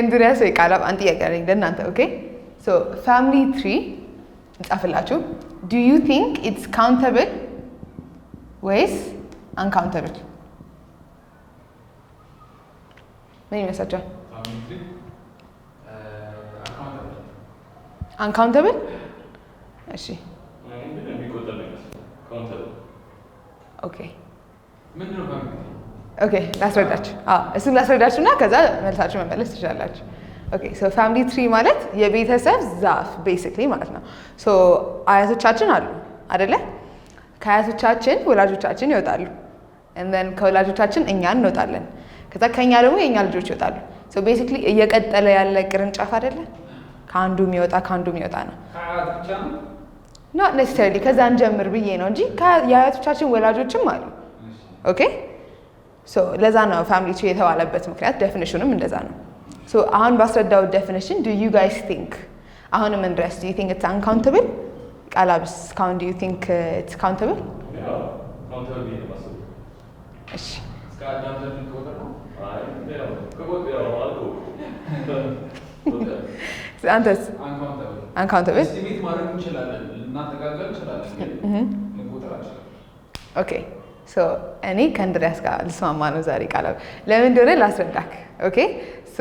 እንድሪያስ ወይ ቃላብ አንድ ጥያቄ አለኝ ለእናንተ። ኦኬ ሶ ፋሚሊ ትሪ እንጻፍላችሁ። ዱ ዩ ቲንክ ኢትስ ካውንተብል ወይስ አንካውንተብል? ምን ይመስላችኋል? አንካውንተብል። uh, እሺ mm, ኦኬ ኦኬ ላስረዳችሁ። እሱን ላስረዳችሁ እና ከዛ መልሳችሁ መመለስ ትችላላችሁ። ኦኬ ሶ ፋሚሊ ትሪ ማለት የቤተሰብ ዛፍ ቤሲክሊ ማለት ነው። ሶ አያቶቻችን አሉ አደለ? ከአያቶቻችን ወላጆቻችን ይወጣሉ እንዘን ከወላጆቻችን እኛ እንወጣለን። ከዛ ከእኛ ደግሞ የእኛ ልጆች ይወጣሉ። ሶ ቤሲክሊ እየቀጠለ ያለ ቅርንጫፍ አደለ? ከአንዱ የሚወጣ ከአንዱ የሚወጣ ነው። ኖት ኔሴሰርሊ ከዛ እንጀምር ብዬ ነው እንጂ የአያቶቻችን ወላጆችም አሉ። ኦኬ ለዛ ነው ፋሚሊ ትሪ የተባለበት ምክንያት ደፊኒሽኑም እንደዛ ነው። አሁን ባስረዳው ደፊኒሽን ዱ ዩ ጋይስ ቲንክ አሁን ምን ድረስ ዱ ዩ ቲንክ ኢትስ አንካውንተብል ቃላብስ ካውን ዱ ዩ ቲንክ ኢትስ ካውንተብል እሺ አንተስ አንካውንተብል ኦኬ እኔ ከእንድሪያስ ጋር ልስማማ ነው ዛሬ ቃል። ለምን እንደሆነ ላስረዳክ። ኦኬ ሶ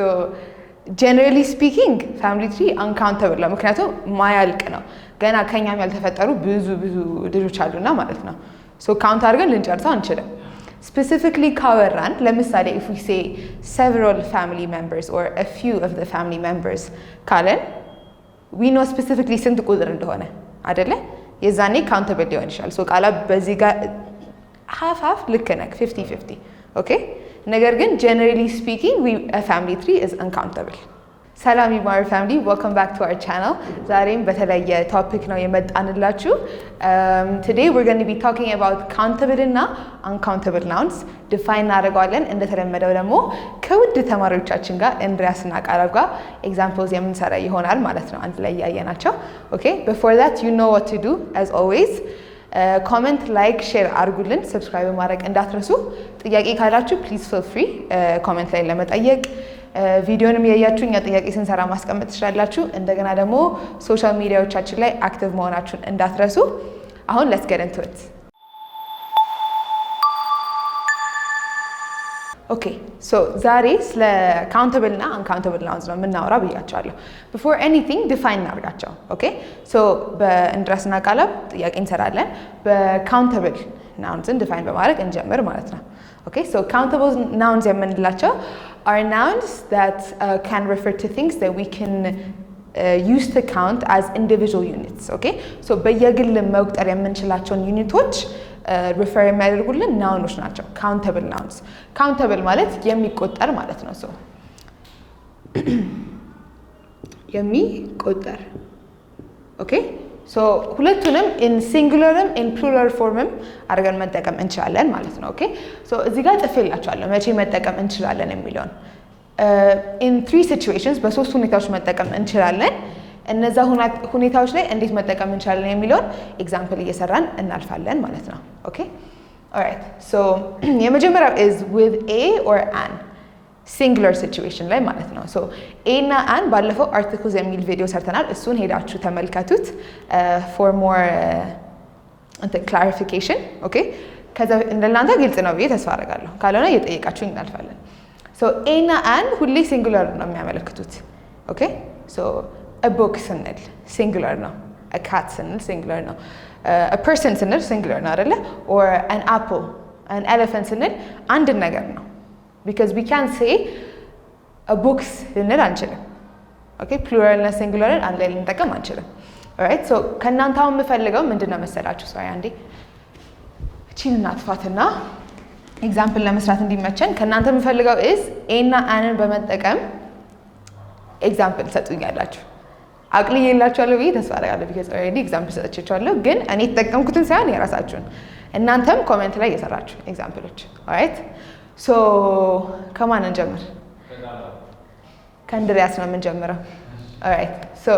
ጀነራሊ ስፒኪንግ ፋሚሊ ትሪ አንካውንተብል ነው፣ ምክንያቱም ማያልቅ ነው። ገና ከኛም ያልተፈጠሩ ብዙ ብዙ ልጆች አሉና ማለት ነው። ሶ ካውንት አድርገን ልንጨርሰው አንችልም። ስፔሲፊክሊ ካወራን ለምሳሌ ኢፍ ዊ ሴይ ሰቨራል ፋሚሊ ሜምበርስ ኦር አ ፊው ኦፍ ዘ ፋሚሊ ሜምበርስ ካለን ዊ ኖ ስፔሲፊክሊ ስንት ቁጥር እንደሆነ አይደለ? የዛኔ ካውንተብል ሊሆን ይችላል። ሶ ቃላ በዚህ ጋር ሀፍ ሀፍ ልክ ነህ፣ ፊፍቲ ፊፍቲ ኦኬ። ነገር ግን ጀነራሊ ስፒኪንግ ፋሚሊ ትሪ ኢዝ አንካውንተብል። ሰላም ይማር ፋሚሊ ወልካም ባክ ቱ አወር ቻናል። ዛሬም በተለየ ቶፒክ ነው የመጣንላችሁ። ቱዴይ ዊር ጎን ቢ ታኪንግ አባውት ካውንተብል እና አንካውንተብል ናውንስ ዲፋይን እናደርገዋለን። እንደተለመደው ደግሞ ከውድ ተማሪዎቻችን ጋር እንድሪያስ እና ቃረብ ጋር ኤግዛምፕልስ የምንሰራ ይሆናል ማለት ነው አንድ ላይ እያየናቸው ኦኬ። ቢፎር ዛት ዩ ኖ ዋት ቱ ዱ አዝ ኦልዌይስ ኮመንት፣ ላይክ፣ ሼር አድርጉልን። ሰብስክራይብ ማድረግ እንዳትረሱ። ጥያቄ ካላችሁ ፕሊዝ ፊል ፍሪ ኮመንት ላይ ለመጠየቅ ቪዲዮንም ያያችሁ እኛ ጥያቄ ስንሰራ ማስቀመጥ ትችላላችሁ። እንደገና ደግሞ ሶሻል ሚዲያዎቻችን ላይ አክቲቭ መሆናችሁን እንዳትረሱ። አሁን ለትስ ኦኬ ሶ ዛሬ ስለ ካውንተብል እና አንካውንተብል ናውንስ ነው የምናወራ ብያቸዋለሁ። ቢፎር ኤኒቲንግ ዲፋይን እናርጋቸው። ኦኬ ሶ በእንድረስና ቃላብ ጥያቄ እንሰራለን። በካውንተብል ናውንስን ዲፋይን በማድረግ እንጀምር ማለት ነው። ኦኬ ሶ ካውንተብል ናውንስ የምንላቸው አር ናውንስ ዛት ካን ሪፈር ቱ ቲንግስ ዛት ዊ ካን ዩስድ ካውንት አዝ ኢንዲቪዥዋል ዩኒትስ ኦኬ። ሶ በየግል መቁጠር የምንችላቸውን ዩኒቶች ሪፈር uh, የሚያደርጉልን ናውኖች ናቸው። ካውንተብል ናውንስ። ካውንተብል ማለት የሚቆጠር ማለት ነው። ሶ የሚቆጠር ኦኬ። ሶ ሁለቱንም ኢን ሲንጉለርም ኢን ፕሉራል ፎርምም አድርገን መጠቀም እንችላለን ማለት ነው። ኦኬ። ሶ እዚህ ጋር ጽፌላችኋለሁ መቼ መጠቀም እንችላለን የሚለውን ኢን ትሪ ሲቹዌሽንስ በሶስት ሁኔታዎች መጠቀም እንችላለን። እነዛ ሁኔታዎች ላይ እንዴት መጠቀም እንችላለን የሚለውን ኤግዛምፕል እየሰራን እናልፋለን ማለት ነው። ኦኬ ኦራይት ሶ የመጀመሪያው ኢዝ ዊዝ ኤ ኦር አን ሲንግለር ሲቹዌሽን ላይ ማለት ነው። ሶ ኤ እና አን ባለፈው አርቲክልስ የሚል ቪዲዮ ሰርተናል። እሱን ሄዳችሁ ተመልከቱት ፎር ሞር ክላሪፊኬሽን። ኦኬ ከዛ እንደናንተ ግልጽ ነው ብዬ ተስፋ አደርጋለሁ። ካልሆነ እየጠየቃችሁ እናልፋለን። ኤና አን ሁሌ ሲንጉላር ነው የሚያመለክቱት። ኦኬ ቦክ ስንል ሲንጉላር ነው። ካት ስንል ሲንጉላር ነው። ፐርሰን uh, ስንል ሲንጉላር ነው አደለ? ኦር አን አፕል አን ኤሌፈንት ስንል አንድን ነገር ነው። ቢካዝ ዊ ካን ሴ ቦክስ ልንል አንችልም። ኦኬ ፕሉራልና ሲንጉላርን አንድ ላይ ልንጠቀም አንችልም። ኦራይት ሶ ከእናንተ አሁን የምፈልገው ምንድን ነው መሰላችሁ? ሰው አንዴ እቺን እናጥፋትና ኤግዛምፕል ለመስራት እንዲመቸን ከእናንተ የምፈልገው ኢዝ ኤና አንን በመጠቀም ኤግዛምፕል ሰጡኛላችሁ። አቅል የላችኋለሁ ብዬ ተስፋ አደርጋለሁ። ቢከ ኦልሬዲ ኤግዛምፕል ሰጥቻችኋለሁ፣ ግን እኔ የተጠቀምኩትን ሳይሆን የራሳችሁን እናንተም ኮሜንት ላይ እየሰራችሁ ኤግዛምፕሎች። ኦራይት ሶ ከማን እንጀምር? ከእንድሪያስ ነው የምንጀምረው። ኦራይት ሶ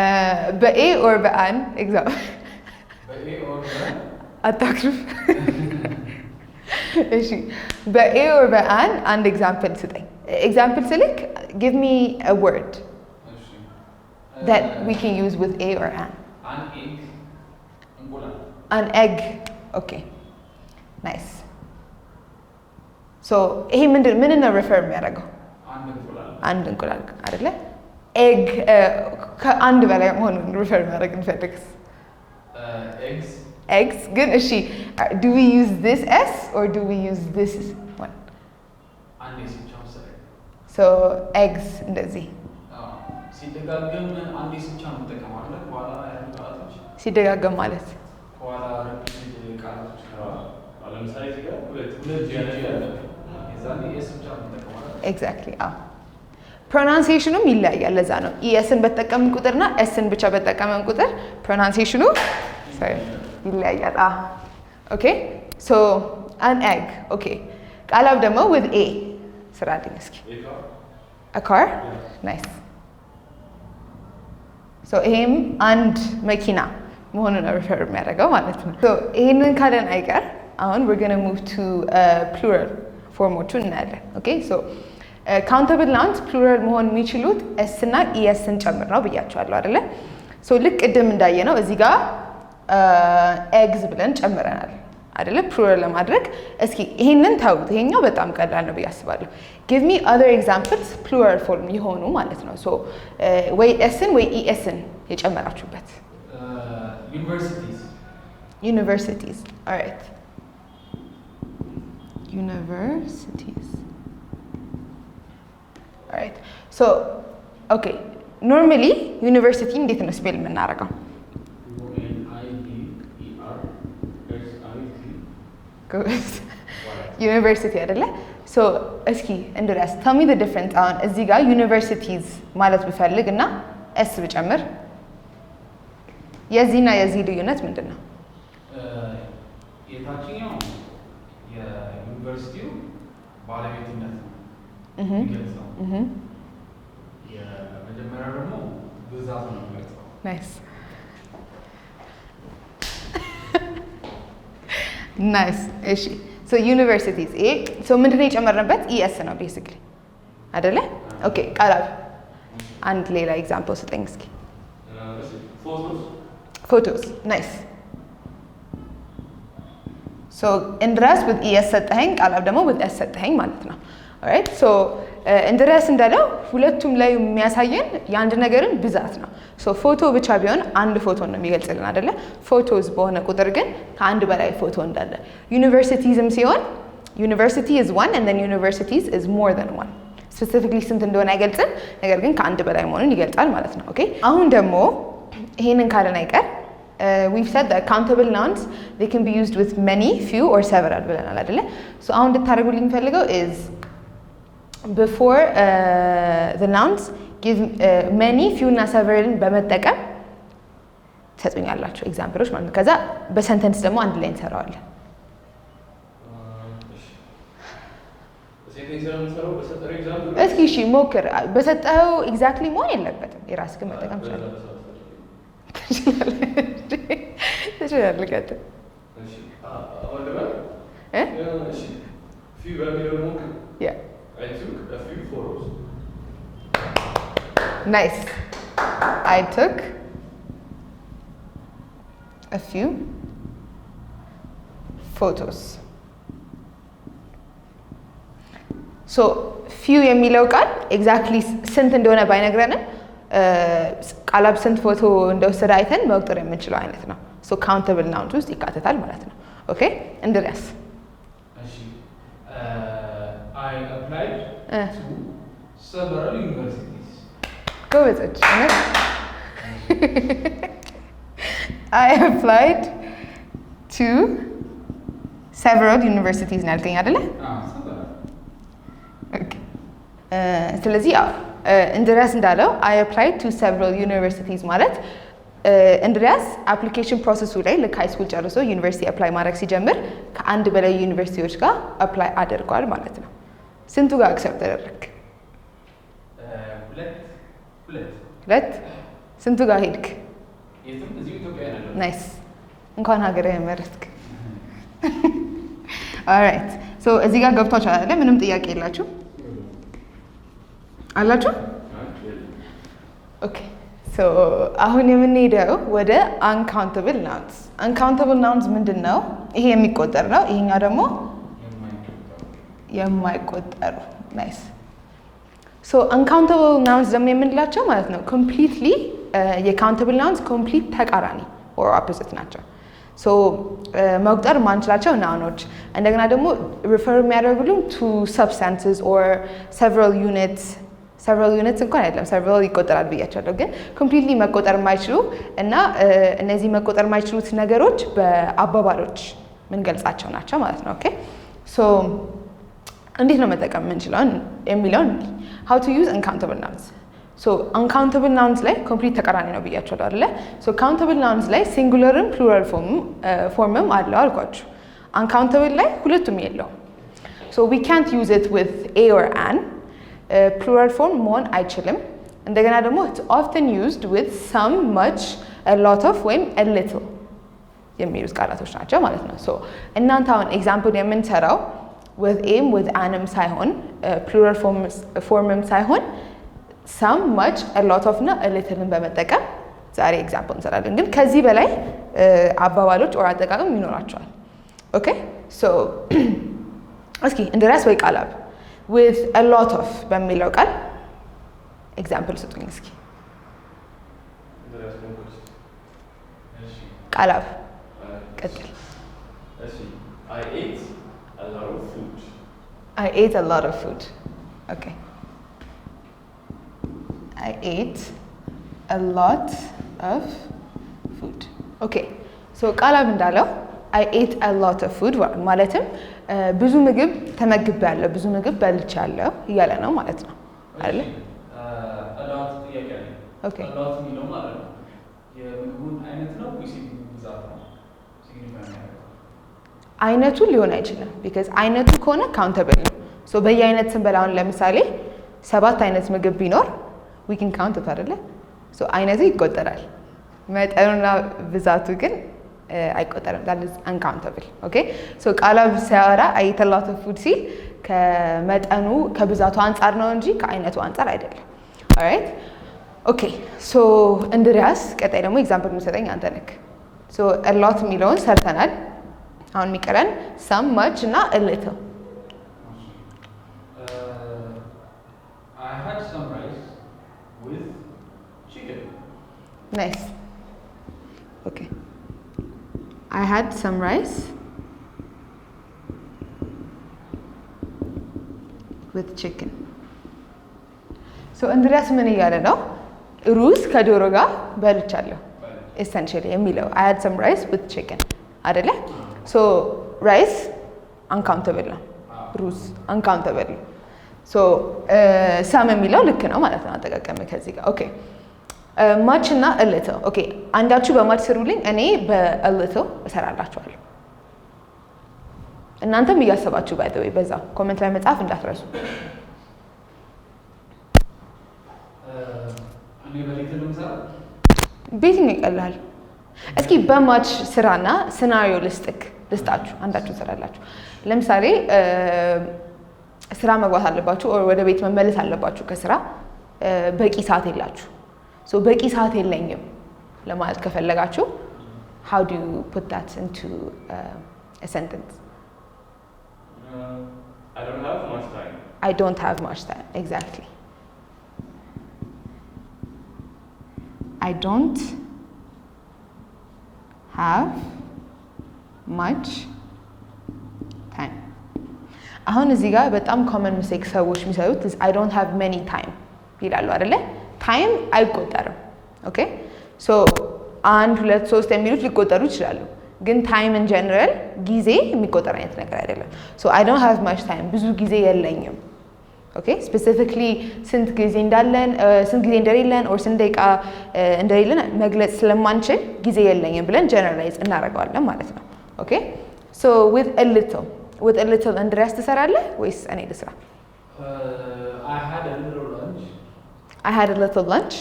uh, በኤ ኦር በአን ኤግዛምፕል አታክሩፍ እሺ በኤ ወር በአን አንድ ኤግዛምፕል ስጠኝ። ኤግዛምፕል ስልክ ጊቭ ሚ አ ወርድ ዛት ዊ ካን ዩዝ ዊዝ ኤ ኦር አን አን ኤግ። ኦኬ ናይስ። ሶ ይሄ ምንድን ምንን ነው ሪፈር የሚያደርገው? አንድ እንቁላል አይደለ? ኤግ ከአንድ በላይ መሆኑን ሪፈር የሚያደርግ እንፈልግስ ኤግስ ግን እሺ ዱ ዊ ዩዝ ዚስ ኤስ ኦር ዱ ዊ ዩዝ ዚስ ዋን ሶ ኤግስ እንደዚህ ሲደጋገም ማለት ኤግዛክትሊ አዎ ፕሮናንሴሽኑም ይለያያል። ለዛ ነው ኢኤስን e በተጠቀምን ቁጥርና ኤስን ብቻ በተጠቀመን ቁጥር ፕሮናንሴሽኑ ይለያያል። ኦኬ ሶ አን ኤግ ኦኬ። ቃላብ ደግሞ ዊዝ ኤ ስራልኝ እስኪ ካር ናይስ። ሶ ይሄም አንድ መኪና መሆኑን ሪፈር የሚያደርገው ማለት ነው። ሶ ይሄንን ካለን አይቀር አሁን we're going ሙቭ ቱ ፕሉራል ፎርሞቹ እናያለን። ኦኬ ሶ ካውንተብል ናውንስ ፕሉራል መሆን የሚችሉት ኤስ እና ኢኤስን e ጨምር ነው ብያቸዋለሁ አይደለ? ሶ ልክ ቅድም እንዳየ ነው እዚህ ጋር ኤግዝ ብለን ጨምረናል አይደለ ፕሉራል ለማድረግ እስኪ ይሄንን ታዩት። ይሄኛው በጣም ቀላል ነው ብዬ አስባለሁ። ጊቭ ሚ ኦዘር ኤግዛምፕልስ ፕሉራል ፎርም የሆኑ ማለት ነው። ሶ ወይ ኤስን ወይ ኢኤስን የጨመራችሁበት ዩኒቨርሲቲዝ ኦራይት ዩኒቨርሲቲዝ ኦኬ ኖርማሊ ዩኒቨርሲቲ እንዴት ነው ስፔል የምናደርገው? ዩኒቨርሲቲ አይደለ? እስኪ እንድሪያስ ተሚ ዲፍረንስ አሁን እዚህ ጋር ዩኒቨርሲቲዝ ማለት ብፈልግ እና ኤስ ብጨምር የዚህና የዚህ ልዩነት ምንድን ነው? የታችኛው የዩኒቨርሲቲው ባለቤትነት ነው። የመጀመሪያው ደግሞ ብዛት ነው። ናይስ። እሺ ሶ ዩኒቨርሲቲዝ ይሄ ሶ ምንድነው የጨመርንበት ኢኤስ e ነው ቤሲክሊ አይደለ? ኦኬ ቀላል አንድ ሌላ ኤግዛምፕል ስጠኝ እስኪ። ፎቶስ ናይስ። ሶ ኢንድረስ ኢኤስ ሰጠኸኝ፣ ቀላል ደግሞ ኤስ ሰጠኸኝ ማለት ነው። ኦራይት ሶ እንድሪያስ እንዳለው ሁለቱም ላይ የሚያሳየን የአንድ ነገርን ብዛት ነው። ፎቶ ብቻ ቢሆን አንድ ፎቶ ነው የሚገልጽልን አይደለ? ፎቶዝ በሆነ ቁጥር ግን ከአንድ በላይ ፎቶ እንዳለ ዩኒቨርሲቲዝም ሲሆን ዩኒቨርሲቲ ኢዝ ዋን ኤንድ ዘን ዩኒቨርሲቲዝ ኢዝ ሞር ዘን ዋን ስፔሲፊክሊ ስንት እንደሆነ አይገልጽም፣ ነገር ግን ከአንድ በላይ መሆኑን ይገልጻል ማለት ነው። ኦኬ አሁን ደግሞ ይሄንን ካለን አይቀር ዊቭ ሰድ አካውንታብል ናውንስ ዜይ ካን ቢ ዩዝድ ዊዝ መኒ ፊው ኦር ሰቨራል ብለናል አይደለ? አሁን እንድታደርጉልኝ የሚፈልገው ኢዝ ቢፎር ዘ ናውንስ መኒ ፊው እና ሰቨርን በመጠቀም ትሰጡኛላቸው ኤግዛምፕሎች ማለት ነው። ከዛ በሰንተንስ ደግሞ አንድ ላይ እንሰራዋለን። እስኪ እሺ ሞክር። በሰጠኸው ኤግዛክትሊ መሆን የለበትም። የራስህን መጠቀም ትችላለህ ትችላለህ ትችላለህ Photos. Nice. I took a few photos. ሶ ፊው የሚለው ቃል ኤግዛክትሊ ስንት እንደሆነ ባይነግረንም ቃላብ ስንት ፎቶ እንደወሰደ አይተን መቁጠር የምንችለው አይነት ነው። ሶ ካውንተብል ናውንት ውስጥ ይካተታል ማለት ነው። ኦኬ እንድሪያስ several universities ጎበዞች እውነት አይ አፕላይድ ቱ ሰቨራል ዩኒቨርሲቲዝ ነው ያልከኝ አይደለ? Ah, uh, ስለዚህ uh, እንድሪያስ እንዳለው አይ አፕላይድ ቱ ሰቨራል ዩኒቨርሲቲዝ ማለት uh, እንድሪያስ አፕሊኬሽን ፕሮሰሱ ላይ ልክ ሃይስኩል ጨርሶ ዩኒቨርሲቲ አፕላይ ማድረግ ሲጀምር ከአንድ በላይ ዩኒቨርሲቲዎች ጋር አፕላይ አድርጓል ማለት ነው። ስንቱ ጋር አክሰፕት ተደረግ? ሁለት ስንቱ ጋር ሄድክ? ናይስ እንኳን ሀገር መረትክ። ኦራይት ሶ እዚህ ጋር ገብቷችሁ አለ ምንም ጥያቄ የላችሁ አላችሁ? ኦኬ ሶ አሁን የምንሄደው ወደ አንካውንተብል ናውንስ። አንካውንተብል ናውንስ ምንድን ነው? ይሄ የሚቆጠር ነው። ይሄኛው ደግሞ የማይቆጠሩ ናይስ አንካውንተብል ናውንስ ደግሞ የምንላቸው ማለት ነው ኮምፕሊትሊ uh, የካውንተብል ናውንስ ኮምፕሊት ተቃራኒ ኦር ኦፖዚት ናቸው። ሶ uh, መቁጠር ማንችላቸው ናውኖች እንደገና ደግሞ ሪፈር የሚያደርጉልን ቱ ሰብስታንስስ ኦር ሰቨራል ዩኒትስ ሰቨራል ዩኒትስ እንኳን አይደለም ሰቨራል ይቆጠራል ብያቸዋለሁ። ግን ኮምፕሊትሊ መቆጠር የማይችሉ እና uh, እነዚህ መቆጠር የማይችሉት ነገሮች በአባባሎች ምንገልጻቸው ናቸው ማለት ነው ኦኬ ሶ እንዴት ነው መጠቀም የምንችለው የሚለውን ሀው ቱ ዩዝ አንካውንተብል ናውንስ። አንካውንተብል ናውንስ ላይ ኮምፕሊት ተቃራኒ ነው ብያቸዋለሁ አይደለ? ካውንተብል ናውንስ ላይ ሲንጉለርም ፕሉራል ፎርምም አለው አልኳችሁ። አንካውንተብል ላይ ሁለቱም የለው። ዊ ካንት ዩዝ ኢት ዊዝ ኤ ኦር አን። ፕሉራል ፎርም መሆን አይችልም። እንደገና ደግሞ ኢትስ ኦፍተን ዩዝድ ዊዝ ሰም፣ መች፣ ሎት ኦፍ ወይም ሊትል የሚሉት ቃላቶች ናቸው ማለት ነው። እናንተ አሁን ኤግዛምፕል የምንሰራው ዊዝ ኤም ዊዝ አንም ሳይሆን ፕሉራል uh, ፎርምም ሳይሆን ሳም ማች ሎት ኦፍ እና ሊትልን በመጠቀም ዛሬ ኤግዛምፕል እንሰራለን። ግን ከዚህ በላይ uh, አባባሎች ወር አጠቃቀም ይኖራቸዋል። ኦኬ ሶ እስኪ እንድርያስ ወይ ቃላብ ዊዝ ሎት ኦፍ በሚለው ቃል ኤግዛምፕል ስጡኝ እስኪ ቃላብ ቀጥል lot of food. I ate a lot of food. Okay. I ate a lot of food. Okay. ሶ ቃላም እንዳለው አይ ኤት አ ሎት ኦፍ ፉድ ማለትም ብዙ ምግብ ተመግቤያለሁ፣ ብዙ ምግብ በልቻለሁ እያለ ነው ማለት ነው አይደለ? ኦኬ የሚለው ማለት ነው የምግቡን አይነት ነው ወይስ ብዛት ነው? አይነቱ ሊሆን አይችልም። ቢካዝ አይነቱ ከሆነ ካውንተብል ነው። ሶ በየአይነት ስንበል አሁን ለምሳሌ ሰባት አይነት ምግብ ቢኖር ዊኪን ካውንት ታደለ ሶ አይነቱ ይቆጠራል። መጠኑና ብዛቱ ግን አይቆጠርም። ዛት ኢዝ አንካውንተብል ኦኬ። ሶ ቃላብ ሲያወራ አይት ሎት ኦፍ ፉድ ሲል ከመጠኑ ከብዛቱ አንጻር ነው እንጂ ከአይነቱ አንጻር አይደለም። ኦራይት ኦኬ። ሶ እንድሪያስ ቀጣይ ደግሞ ኤግዛምፕል የምሰጠኝ አንተ ነክ ሶ ሎት የሚለውን ሰርተናል። አሁን የሚቀረን ሰም ማች እና እልት ነው። አይ ሀድ ሰም ራይስ ዊዝ ቺክን። እንድሪያስ ምን እያለ ነው? ሩዝ ከዶሮ ጋር በልቻለሁ ኤሰንሽሊ የሚለው አይ ሀድ ሰም ራይስ ዊዝ ቺክን አይደለ? ሶ ራይስ uncountable ነው። ሩዝ uncountable ነው። ሶ ሰም የሚለው ልክ ነው ማለት ነው አጠቃቀም ከዚህ ጋር ኦኬ። ማች uh, እና እልትው ኦኬ። አንዳችሁ በማች ስሩልኝ እኔ በእልትው እሰራላችኋለሁ። እናንተም እያሰባችሁ ባይ ወይ በዛ ኮመንት ላይ መጽሐፍ እንዳትረሱ። ቤትኛው uh, ይቀላል? እስኪ በማች ስራና ስናሪዮ ልስጥክ ልስጣችሁ አንዳችሁ ስራላችሁ። ለምሳሌ ስራ መግባት አለባችሁ፣ ወደ ቤት መመለስ አለባችሁ ከስራ በቂ ሰዓት የላችሁ። በቂ ሰዓት የለኝም ለማለት ከፈለጋችሁ how do you put that into uh, a sentence? Uh, I don't have much time. I don't have much time, exactly. I don't ሃቭ ማች ታይም። አሁን እዚህ ጋር በጣም ኮመን ሚስቴክ ሰዎች የሚሰሩት አይ ዶንት ሃቭ ሜኒ ታይም ይላሉ አይደለ? ታይም አይቆጠርም። ኦኬ ሶ አንድ ሁለት ሶስት የሚሉት ሊቆጠሩ ይችላሉ። ግን ታይም ኢን ጀነራል ጊዜ የሚቆጠር አይነት ነገር አይደለም። ሶ አይ ዶንት ሃቭ ማች ታይም ብዙ ጊዜ የለኝም ኦኬ ስፔሲፊክሊ ስንት ጊዜ እንዳለን ስንት ጊዜ እንደሌለን ኦር ስንት ደቂቃ እንደሌለን መግለጽ ስለማንችል ጊዜ የለኝም ብለን ጀነራላይዝ እናደርገዋለን ማለት ነው። ኦኬ ሶ ዊዝ አ ሊትል ዊዝ አ ሊትል እንድሪያስ ትሰራለህ ወይስ እኔ ልስራ? አይ ሃድ አ ሊትል ላንች።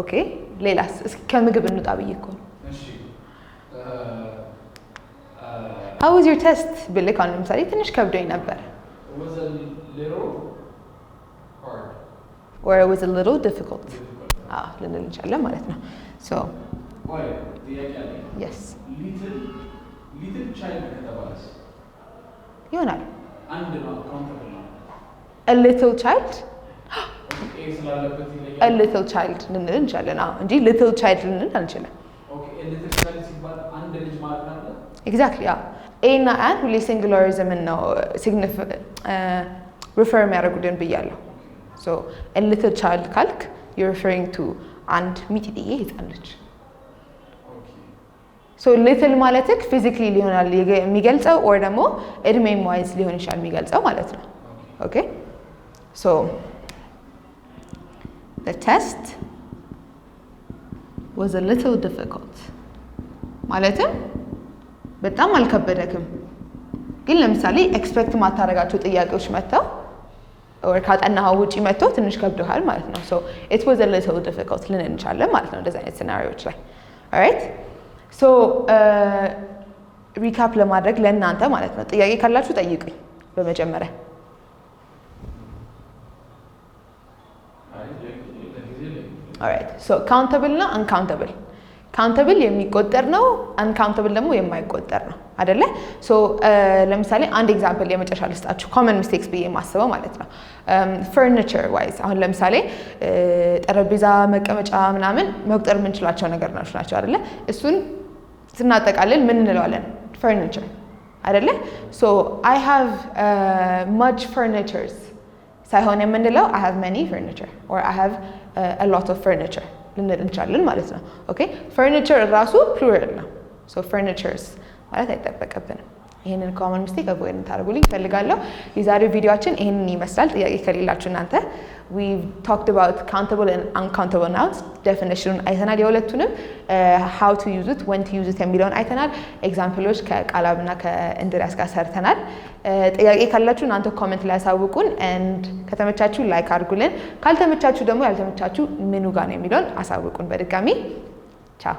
ኦኬ ሌላስ? እስኪ ከምግብ እንውጣ ብዬ እኮ ነው። ሃው ዋዝ ዮር ቴስት ብልክ አሁን ለምሳሌ ትንሽ ከብዶኝ ነበር or it was a little difficult ልንል እንችላለን ማለት ነው። ይሆናል a little child a little child ልንል እንችላለን እንጂ little child ልንል አንችልም። ኤግዛክትሊ ኤ እና አን ሁሌ ሲንግላሪዝምን ነው ሪፈር የሚያደርጉልን ብያለሁ። ሊትል ቻይልድ ካልክ ዩ ሪፈሪንግ ቱ አንድ ሚጢጥዬ ህፃን ልጅ። ሊትል ማለትክ ፊዚክሊ ሊሆናል የሚገልጸው ኦር ደግሞ እድሜም ዋይዝ ሊሆን ይችላል የሚገልጸው ማለት ነው። ኦኬ ሶ ተስት ወዝ ሊትል ዲፊካልት ማለትም በጣም አልከበደክም፣ ግን ለምሳሌ ኤክስፔክት ማታደርጋቸው ጥያቄዎች መጥተው ካጠናኸው ውጪ መጥቶ ትንሽ ከብዶሃል ማለት ነው። ሶ ኢት ዋዝ አ ሊትል ዲፊካልት ልንል እንችላለን ማለት ነው እንደዚህ አይነት ሴናሪዎች ላይ ኦራይት። ሶ ሪካፕ ለማድረግ ለእናንተ ማለት ነው ጥያቄ ካላችሁ ጠይቁኝ በመጀመሪያ ኦራይት። ሶ ካውንተብል እና አንካውንተብል ካውንተብል የሚቆጠር ነው፣ አንካውንተብል ደግሞ የማይቆጠር ነው። አደለ ሶ ለምሳሌ አንድ ኤግዛምፕል የመጨረሻ ልስጣችሁ፣ ኮመን ሚስቴክስ ብዬ የማስበው ማለት ነው። ፈርኒቸር ዋይዝ አሁን ለምሳሌ ጠረጴዛ፣ መቀመጫ ምናምን መቁጠር የምንችላቸው ነገሮች ናቸው አደለ። እሱን ስናጠቃልል ምን እንለዋለን? ፈርኒቸር አደለ። ሶ አይ ሃቭ ማች ፈርኒቸርስ ሳይሆን የምንለው አይ ሃቭ መኒ ፈርኒቸር ኦር አይ ሃቭ አ ሎት ኦፍ ፈርኒቸር ልንል እንችላለን ማለት ነው። ኦኬ ፈርኒቸር ራሱ ፕሉራል ነው። ሶ ፈርኒቸርስ ማለት አይጠበቅብንም። ይህንን ኮመን ሚስቴክ አቮይድ እንድታደርጉልኝ እፈልጋለሁ። የዛሬው ቪዲዮአችን ይህንን ይመስላል። ጥያቄ ከሌላችሁ እናንተ ዊ ታክድ አባውት ካውንታብል ኤንድ አንካውንታብል ናውንስ ዴፊኒሽኑን አይተናል። የሁለቱንም ሃው ቱ ዩዝት ወን ቱ ዩዝ የሚለውን አይተናል። ኤግዛምፕሎች ከቃላብና ከእንድሪያስ ጋር ሰርተናል። ጥያቄ ካላችሁ እናንተ ኮመንት ላይ አሳውቁን ኤንድ ከተመቻችሁ ላይክ አድርጉልን፣ ካልተመቻችሁ ደግሞ ያልተመቻችሁ ምኑ ጋር ነው የሚለውን አሳውቁን። በድጋሚ ቻው።